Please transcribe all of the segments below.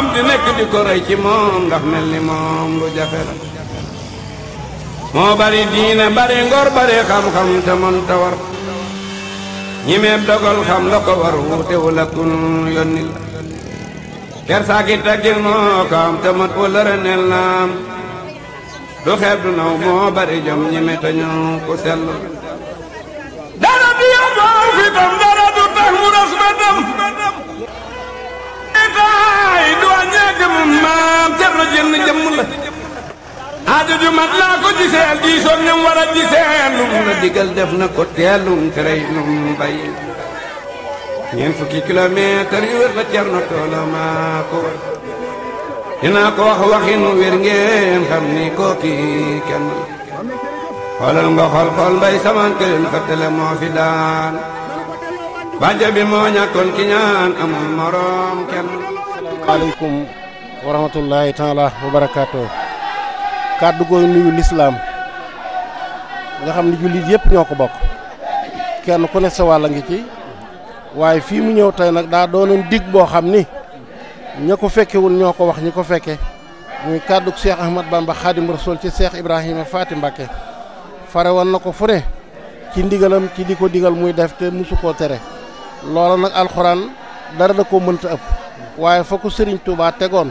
moom ko moo bari diine bari ngor bari xam-xam te mën ta war ñi meeb xam la ko war wuute wu la kersaaki taggil moo kaam te mët wala renel naam du xeeb du naw moo bari jom ñi me tañu ku sell dara di yomboor fi tam du tax mu ras ba dem mooy duwaañee jëmu maam Cerno jënn jëmm la aajo ju mat naa ko diisoon ñam war a giseel lum na digal def na ko teelum terey num bay ñeent fukki kilomètre yu wér la Cerno toolo maa ko ko wax waxinu wér ngeen xam ni kooki kenn xoolal nga xool mbay samaan këleen xëttale moo fi daan bàjja bi moo ñàkkoon ki ñaan amul moroom kenn asalaamaaleykum wa rahmatullahi taala wa barakaatu kàddu gooy nuyu lislaam nga xam ne jullit yëpp ñoo ko bokk kenn ku ne sa wàll ngi ci waaye fii mu ñëw tey nag daa doonoon dig boo xam ni ña ko fekkewul ñoo ko wax ñi ko fekke muy kàddug Cheikh Ahmad Bamba Khadim Rasul ci Cheikh Ibrahima Faati Mbàkke fare woon na ko fu ne ci ndigalam ci di ko digal muy def te musu koo tere loola nag alxuraan dara da koo mënta ëpp waaye fa ko sëriñ tegoon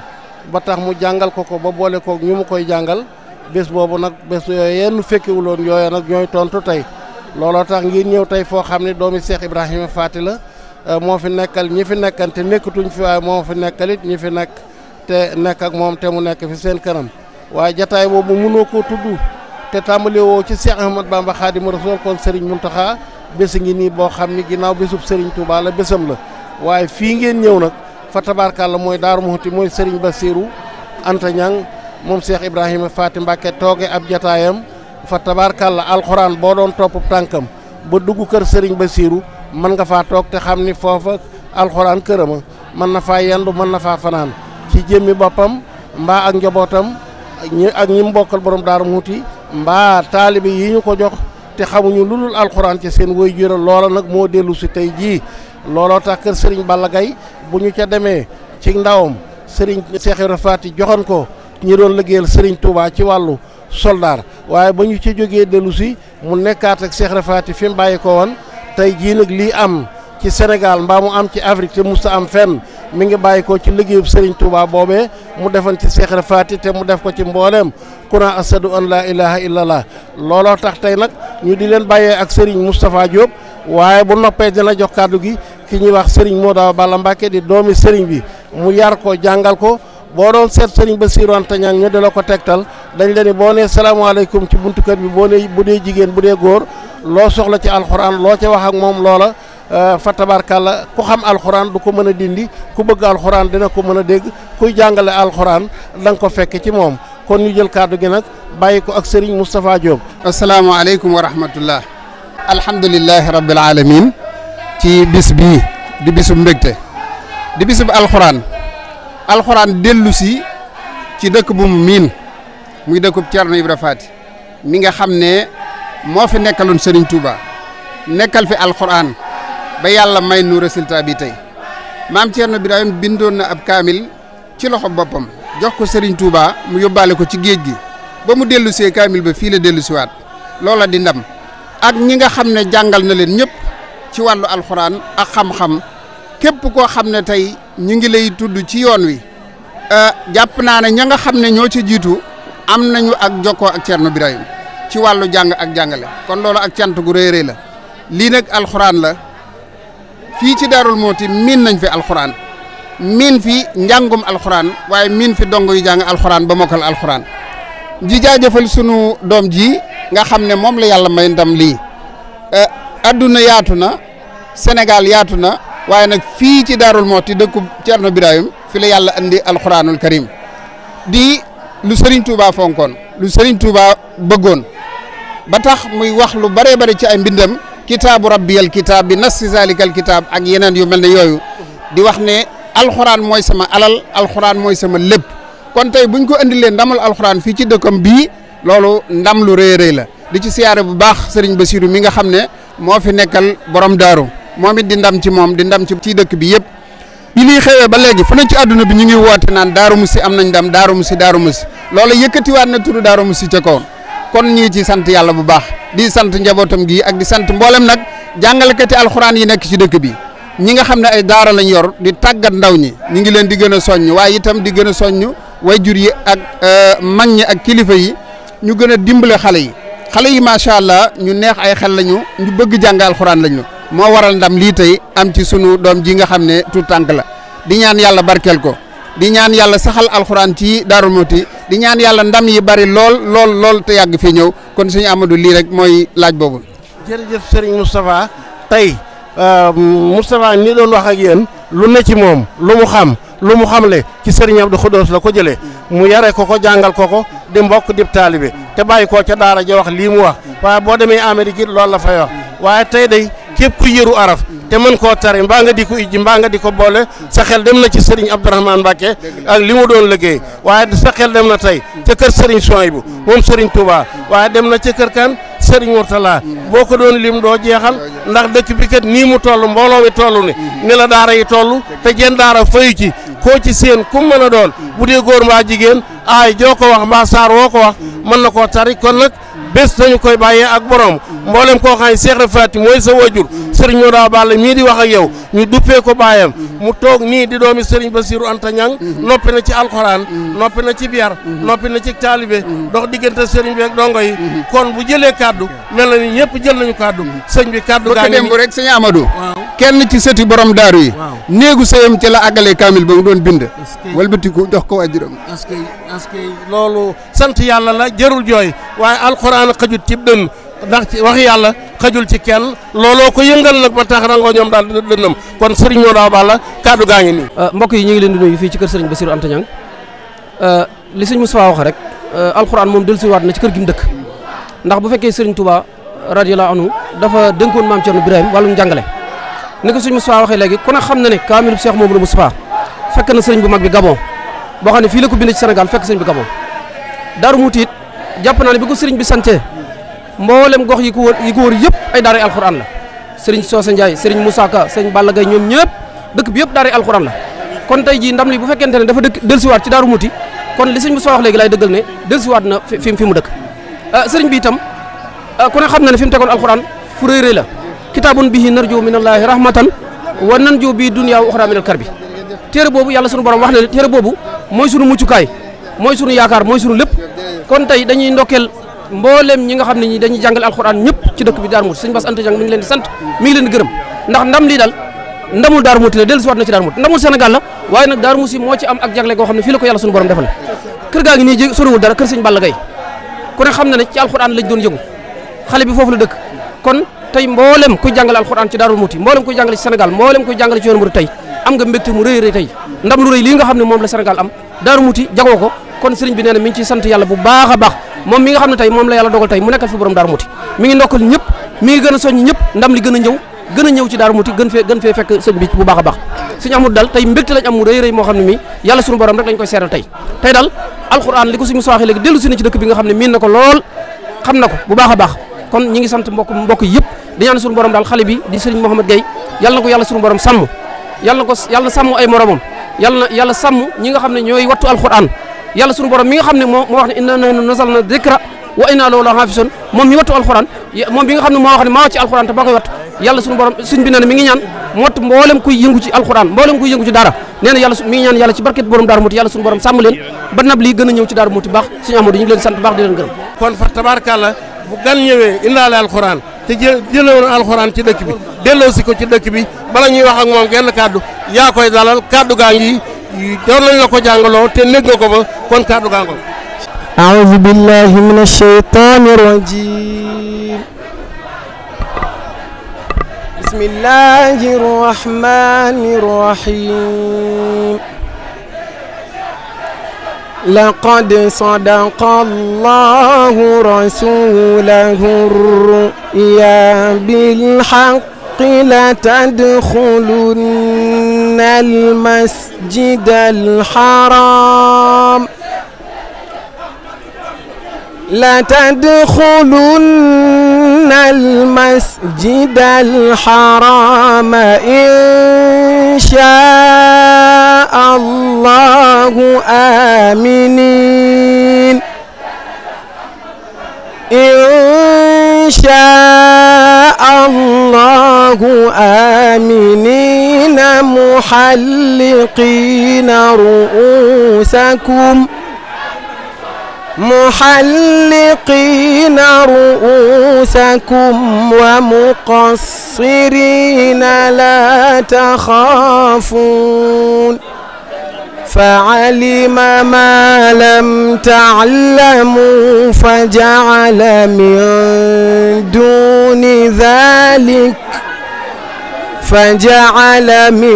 ba tax mu jàngal ko ko ba boole ko ñu mu koy jàngal bés boobu nag bés yooyu yenn fekkiwuloon yooya nag ñooy tontu tey looloo tax ngir ñëw tey foo xam ne doomi Cheikh Ibrahima Faty la euh, moo fi nekkal ñi fi nekkan te nekkatuñ fi waaye moo fi nekkal it ñi fi nekk te nekk ak moom te mu nekk fi seen kanam waaye jataay boobu mënoo ko tudd te tàmbali woo ci Cheikh Ahmad Bamba Xaadimu Rasuul kon Serigne Mountakha bés ngi nii boo xam ni ginnaaw bésub Serigne Touba la bésam la waaye fii ngeen ñëw nag. fa tabaarkàlla mooy Daaru Muxti mooy Serigne Bassirou Anta Niang moom Cheikh Ibrahima Faty mbakke tooge ab jataayam fa tabaarkàlla alxuraan boo doon topp tànkam ba dugg kër Serigne Bassirou mën nga faa toog te xam ni foofa alxuraan kërama mën na faa yendu mën na faa fanaan ci jémmi boppam mbaa ak njabootam ak ñi mbokkal borom Daaru Muxti mbaa taalibe yi ñu ko jox te xamuñu lu dul alxuraan ci seen woy jural loola nag moo dellu si tey jii looloo tax kër Serigne Balla Gaye bu ñu ca demee ci ndawam Serigne Cheikh Ibra Faty joxoon ko ñi doon liggéeyal Serigne Touba ci wàllu soldaar waaye ba ñu ci jógee dellusi mu nekkaat ak Cheikh Ibra Faty fi mu bàyyi ko woon tey jii nag lii am ci Sénégal mbaa mu am ci Afrique te musta am fenn mu ngi bàyyi ko ci liggéeyub Serigne Touba boobee mu defoon ci Cheikh Ibra te mu def ko ci mbooleem kuna asadu an laa ilaha illallah looloo tax tey nag ñu di leen bàyyee ak Serigne Moustapha Diop. waaye bu noppee dina jox kàddu gi ki ñuy wax moo Modaw Balla Mbacke di doomi Serigne bi mu yar ko jàngal ko boo doon seet Serigne Bassirou Anta Niang ñu di la ko tegtal dañu la boo nee salaamaaleykum ci buntu kër bi boo nee bu dee jigéen bu dee góor loo soxla ci alxuraan loo ca wax ak moom loola. Euh, fa tabarkàlla ku xam alxuraan du ko mën a dindi ku bëgg alxuraan dina ko mën a dégg kuy jàngale alxuraan da ko fekk ci moom kon ñu jël kàddu gi nag bàyyi ko ak Serigne Moustapha asalaamaaleykum wa rahmatullah alhamdulilahi rabbil alamin ci bis bii di bisu mbégte di bisub alxuraan alxuraan dellusi ci dëkk bu mu miin muy dëkkub Thierno Ibra Faty mi nga xam ne moo fi nekkaloon Serigne Touba nekkal fi alxuraan ba yàlla may nu résultat bi tey maam Thierno Birahim bindoon na ab kaamil ci loxo boppam jox ko Serigne Touba mu yóbbaale ko ci géej gi ba mu dellu see kaamil ba fii la dellusiwaat siwaat loola di ndam ak ñi nga xam ne jàngal na leen ñépp ci wàllu alxuraan ak xam-xam képp koo xam ne tey ñu ngi lay tudd ci yoon wi euh, jàpp naa ne ña nga xam ne ñoo ci jiitu am nañu ak jokkoo ak Thierno Birahim ci wàllu jàng ak jàngale kon loolu ak cant gu rëy rëy la lii nag alxuraan la fii ci Darou Mouhty miin nañ fi alxuraan miin fi njàngum alxuraan waaye miin fi dong yu jàng alxuraan ba mokkal alxuraan ji jaajëfal sunu doom ji nga xam ne moom la yàlla may ndam lii eh, adduna yaatu na Sénégal yaatu na waaye nag fii ci Daarul Mooti dëkku Cerno Birahim fi la yàlla andi alxuraanul karim di lu sëriñ tuuba fonkoon lu Serigne Touba bëggoon ba tax muy wax lu bare bare ci ay mbindam kitaabu rabbiyal kitaab bi nas si kitaab ak yeneen yu mel ne yooyu di wax ne alxuraan mooy sama alal alxuraan mooy sama lépp. kon tey bu ñu ko indilee ndamal alxuraan fii ci dëkkam bii loolu ndam lu rëy rëy la di ci siyaare bu baax sëriñ Basiru mi nga xam ne moo fi nekkal borom daaru moom it di ndam ci moom di ndam ci ci dëkk bi yëpp bi liy xewee ba léegi fu ne ci àdduna bi ñu ngi woote naan daaru musi am nañ ndam daaru musi daaru musi loolu yëkkatiwaat na turu daaru musi ca kaw kon ñii ci sant yàlla bu baax di sant njabootam gi ak di sant mbooleem nag jàngalekati alxuraan yi nekk ci dëkk bi ñi nga xam ne ay daara lañ yor di tàggat ndaw ñi ñu ngi leen di gën a soññ waaye itam di gën a soññ jur yi ak euh, mag ñi ak kilifa yi ñu gën a dimbale xale yi xale yi macha allah ñu neex ay xel lañu ñu bëgg jàng alxuraan lañu moo waral ndam lii tey am ci sunu doom ji nga xam ne tout tànk la di ñaan yàlla barkeel ko di ñaan yàlla saxal alxuraan ci Darou di ñaan yàlla ndam yi bari lool lool lool te yàgg fii ñëw kon suñu Amadou lii rek mooy laaj boobu. jërëjëf sëriñ Moustapha tey euh, Moustapha ni doon wax ak yéen lu ne ci moom lu mu xam. lu mu xam le ci sëriñ Abdou Khoudous la ko jëlee mu yare ko ko jàngal ko ko di mbokk dib taalibe te bàyyi koo ca daara ja wax lii mu wax waaye boo demee Amérique it loolu la fay wax waaye tey day képp ku yëru araf te mën koo tari mbaa nga di ko ijji mbaa nga di ko boole sa xel dem na ci sëriñ Abdourahmane Mbacke ak li mu doon liggéey waaye sa xel dem na tey ca kër sëriñ Souhaïbou moom sëriñ Touba waaye dem na ca kër kan sëriñ Mourtala boo ko doon lim doo jeexal ndax dëkk bi kat nii mu toll mbooloo mi toll ni ni la daara yi toll te jenn daara fayu ci koo ci seen ku mën a doon bu dee góor mbaa jigéen aay joo ko wax mbaa saar woo ko wax mën na koo tari kon nag bés dañu koy bàyyee ak borom mboolem koo xam ne Cheikh Rafati mooy sa wajur Serigne Moura Balla mii di wax ak yow ñu duppee ko baayam mu toog nii di doomi Serigne Bassirou Anta Niang noppi na ci alxuraan noppi na ci biyar noppi na ci taalibe dox diggante Serigne bi ak dongo yi kon bu jëlee kàddu mel na ni ñëpp jël nañu kaddu sëñ bi kàddu gaa ngi dem bu rek sëñ kenn ci sëti borom daaru yi. néegu sëyam ci la àggalee kaamil ba mu doon bind. walbati ko jox ko waajuram. est-ce que est que loolu sant yàlla la jërul jooy waaye alxuraan xajut ci dënn ndax wax yàlla xajul ci kenn looloo ko yëngal nag ba tax rangoo ñoom daal dënnam kon sëriñ moo daaw balla kaddu gaa ngi nii. Euh, mbokk yi ñu ngi leen di nuyu fii ci kër sëriñ Bassirou Anta Niang euh, li sëñ Moustapha wax rek euh, alxuraan moom dellusiwaat na ci kër gi mu dëkk ndax bu fekkee sëriñ Touba radiyallahu anhu dafa dénkoon maam Thierno wàllum njàngale ni ko sëñ Moustapha waxee léegi ku ne xam na ne kaamilu Cheikh Mouhamadou Moustapha fekk na sëriñ bu mag bi Gabon boo xam ne fii la ko bind ci Sénégal fekk sëriñ bi Gabon Daaru Muuti it jàpp naa ne bi ko sëriñ bi santee mboolem gox yi ko wër yi ko wër yëpp ay daara alxuraan la sëriñ Socé Ndiaye sëriñ Moussa Ka sëriñ Balla Gaye ñoom ñëpp dëkk bi yëpp daara alxuraan la kon tey jii ndam li bu fekkente ne dafa dëkk dellusiwaat ci Daaru Muuti kon li sëñ Moustapha wax léegi laay dëggal na fi fi mu dëkk ah, sëriñ bi itam ah, ku ne xam na ne fi mu tegoon alxuraan fu rëy rëy la kitaabun bihi narju minallaahi rahmatan wa nanju bi dunya wa uxra minal karbi téere boobu yàlla sunu borom wax ne téere boobu mooy sunu muccukaay mooy sunu yaakaar mooy sunu lépp kon tey dañuy ndokkeel mboolem ñi nga xam ne ñi dañuy jàngal alxuraan ñëpp ci dëkk bi Darou Mouhty sëñ Bass Anta Diang mi ngi leen di sant mi ngi leen di gërëm ndax ndam lii daal ndamul Darou Mouhty la dellu si waat na ci Darou Mouhty ndamul Sénégal la waaye nag Darou Mouhty moo am ak jagle na ne ci alxuraan lañ doon yëngu xale bi foofu la dëkk tey mboolem kuy jàngale alxuraan ci Daaru Muti mboolem kuy jàngale ci Sénégal mboolem kuy jàngale ci yoonu murid tey am nga mbégte mu rëy rëy tey ndam lu rëy lii nga xam ne moom la Sénégal am Daaru Muti kon sëriñ bi nee na mi ngi ciy bu baax a baax moom mi nga xam ne tey moom la yàlla dogal tey mu nekkal fi borom Daaru a soññ a ñëw a ñëw ci Daaru Muti gën fee gën fee fekk bu baax a baax suñu tey mbégte lañ am mu rëy rëy moo xam ne mi yàlla suñu borom rek lañ koy seeral tey tey dal alxuraan li ko suñu sooxee léegi dellu si na ci dëkk bi nga xam ne miin na ko lool xam kon ñi ngi sant mbokk mbokk yëpp di ñaan suñu borom daal xale di sëriñ Mouhamed Gueye yàlla na ko yàlla suñu ay moromam yàlla na yàlla sàmm nga xam ne ñooy wattu alquran yàlla suñu borom mi xam ne moo moo wax ne inna nahnu nasalna dikra wa inna lahu lahafizun moom wattu alquran moom bi nga xam ne moo wattu mboolem kuy yëngu ci alquran mboolem kuy yëngu ci dara nee na yàlla mi ngi ñaan yàlla ci barket borom leen ba nab gën a ñëw ci daaru muti baax bu gan ñëwee indaale alxuraan te jë jëlewoon alxuraan ci dëkk bi delloosi ko ci dëkk bi bala ñuy wax ak moom genn kàddu yaa koy dalal kàddu gaa ngi doon la ko jàngaloo te nég ko ba kon kàddu gaa ngoog أعوذ بالله من الشيطان الرجيم بسم الله لقد صدق الله رسوله الرؤيا بالحق لتدخلن المسجد الحرام لتدخلن إن المسجد الحرام إن شاء الله آمنين إن شاء الله آمنين محلقين رؤوسكم محلقين رؤوسكم ومقصرين لا تخافون فعلم ما لم تعلموا فجعل من دون ذلك فجعل من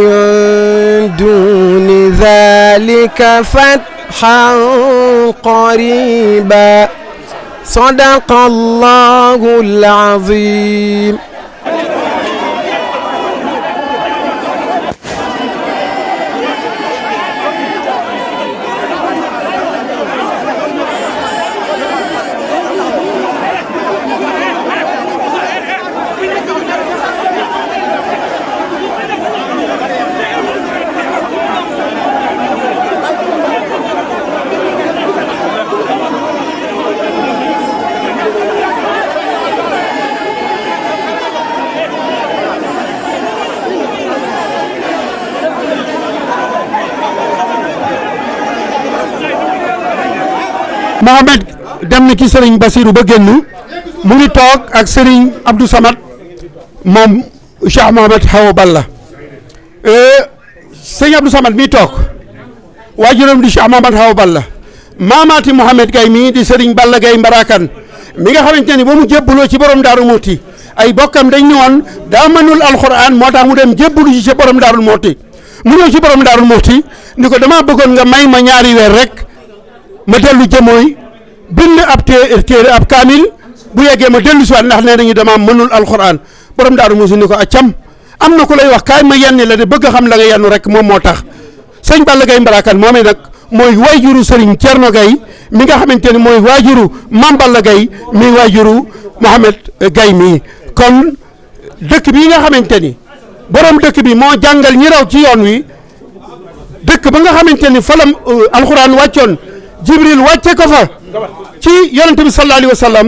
دون ذلك فت فتحا قريبا صدق الله العظيم Mohamed dem na ci sëriñ Bassirou ba génn mu ngi toog ak sëriñ Abdou Samad moom Cheikh Mohamed Hawa Balla euh, Serigne Abdou Samad mii toog waajuram di Cheikh Mohamed Hawa Balla maamaati Mohamed Gaye mii di sëriñ Balla Gaye Mbarakan mi nga xamante ni ba mu jébbaloo ci borom Daaru Muuti ay bokkam dañ ne woon daa mënul alxuraan moo tax mu dem jébbalu ci borom Daaru Muuti mu ñëw ci borom Daaru Muuti ni ko damaa bëggoon nga may ma ñaari weer rek. ma dellu jëmooy bind ab téere ab kaamil bu yeggee ma dellu si waat ndax nee nañu dama mënul alxuraan borom daaru musu ni ko accam am na ku lay wax kaay ma yenni la de bëgg xam la nga yennu rek moom moo tax sëñ Balla Gaye Mbarakan moomee nag mooy waajuru Serigne Thierno Gaye mi nga xamante ni mooy waajuru Mame Balla Gaye mi waajuru Mohamed Gaye mii kon dëkk bi nga xamante ni borom dëkk bi moo jàngal ñi raw ci yoon wi dëkk ba nga xamante ni falam euh, alxuraan wàccoon jibril wàcce ko fa ci yonente bi sallallahu alayhi wa sallam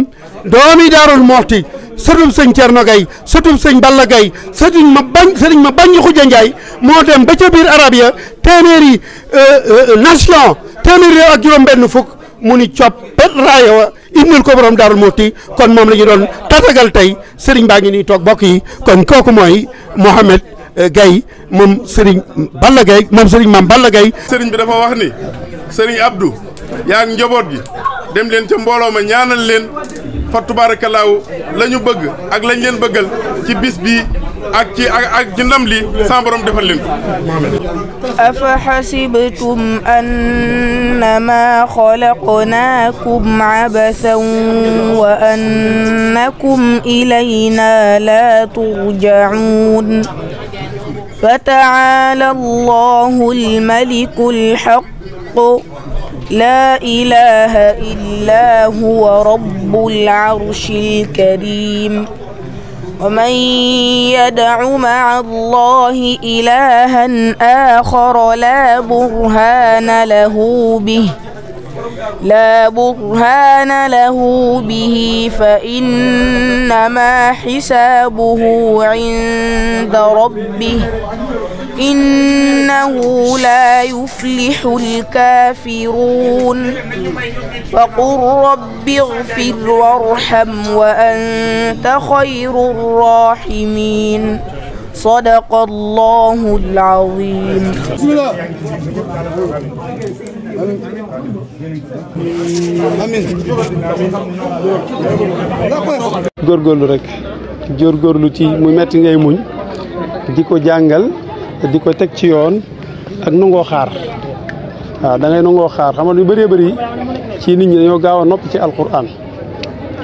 doomi daarul moxti sëtum sëñ Thierno gay sëtum sëñ Balla Gaye sëtuñ ma bañ sëtuñ ma bañ xuja Njaay moo dem ba ca biir arab ya téeméeri euh, euh, nation téeméeri réew ak juróom-benn fukk mu ni coppet raaya wa ko borom daarul moxti kon moom la doon tatagal tey sëriñ baa ngi nii toog bokk yi kon kooku mooy Mohamed euh, Gaye moom sëriñ Balla Gaye moom sëriñ maam Balla Gaye sëriñ bi dafa wax ni sëriñ Abdou yaa ak njaboot gi dem leen ca mbooloo ma ñaanal leen fa tubaarakalaaw bëgg ak lañ leen bëggal ci bis bi ak ci ak ci ndam li sa borom defal leen ko afa xasibtum annama xalaqnaakum abasan wa annakum ilayna la turjaun fataala allahu almaliku alxaq لا إله إلا هو رب العرش الكريم ومن يدع مع الله إلها آخر لا برهان له به لا برهان له به فإنما حسابه عند ربه إنه لا يفلح الكافرون وقل رب اغفر وارحم وأنت خير الراحمين صدق الله العظيم بسم الله amiin góorgóorlu rek góorgóorlu ci mu metti ngay muñ di ko jàngal di ko teg ci yoon ak nangoo xaar waaw da ngay nangoo xaar xam nga lu bëree bëri ci nit ñi dañoo gaaw a ci alquran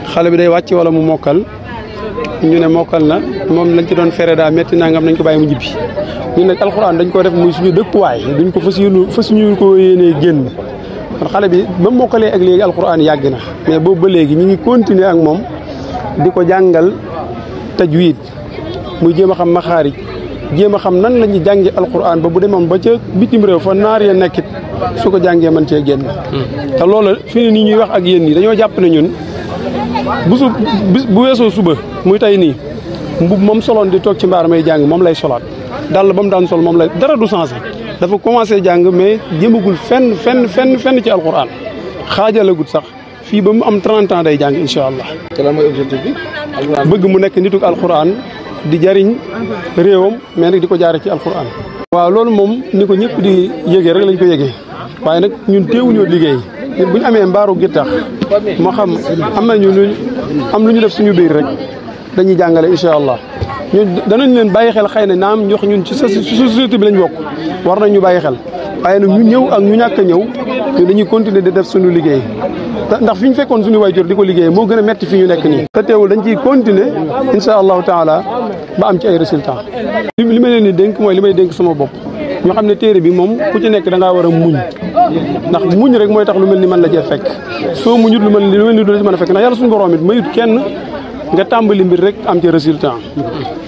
xale bi day wàcc wala mu mokkal ñu ne mokkal na moom lañ ci doon fere daa métti nangam nañ ko bàyyi mu jibbi ñun nag alquran dañ ko def muy suñu dëkkuwaay dañ ko fas yéene fas ñu ko yéenee génn kon xale bi ba mokkalee ak léegi alquran yàgg na mais boobu ba léegi ñu ngi continuer ak moom di ko jàngal tajwid muy jéem a xam maxaarij jéem a xam nan la ñuy jàngee alquran ba bu demoon ba ca bitim réew fa naar ya nekkit su ko jàngee mën cee génn. Hmm. te loolu fi ne nii ñuy wax ak yéen yi dañoo jàpp ne ñun bu su bu weesoo suba muy tey nii mbub moom soloon di toog ci mbaar may jàng moom lay solaat dàll ba mu daan sol moom lay dara du changé dafa commencé jàng mais jëmagul fenn fenn fenn fenn ci alquran xaajalagut sax. fii ba mu am trent ans day jàng incha allah. te lan mooy objectif bi. bëgg mu nekk nituk alxuraan di jariñ réewam mais nag di ko jaaree ci alquran waaw loolu moom ni ko ñëpp di yëgee rek lañ ko yëgee waaye nag ñun teewuñoo liggéey ñun bu ñu amee mbaaru gittax moo xam am na ñu am lu ñu def suñu biir rek dañuy jàngale incha allah ñu danañ leen bàyyi xel xëy na am ñox ñun ci société bi lañ bokk war nañ ñu bàyyi xel waaye nag ñu ñëw ak ñu ñàkk a ñëw ñu dañuy continuer di def suñu liggéey ndax fi ñu fekkoon suñu waajur di ko liggéeyee moo gën a metti fi ñu nekk nii te teewul dañ ciy continuer insha allahu taala ba am ci ay résultat li ma leen di dénk mooy li may dénk sama bopp ñu xam ne téere bi moom ku ci nekk da ngaa war a muñ ndax muñ rek mooy tax lu mel ni mën la cee fekk soo muñut lu mel ni lu mel ni du la ci mën a fekk ndax yàlla suñu borom mayut kenn nga tàmbali mbir rek am ci résultat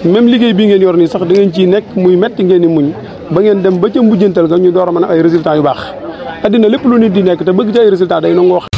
même liggéey bii ngeen yor nii sax da ngeen ciy nekk muy metti ngeen di muñ ba ngeen dem ba ca mujjantal ñu door a ay résultat yu baax addina lépp lu di nekk te bëgg ci ay résultat day nangoo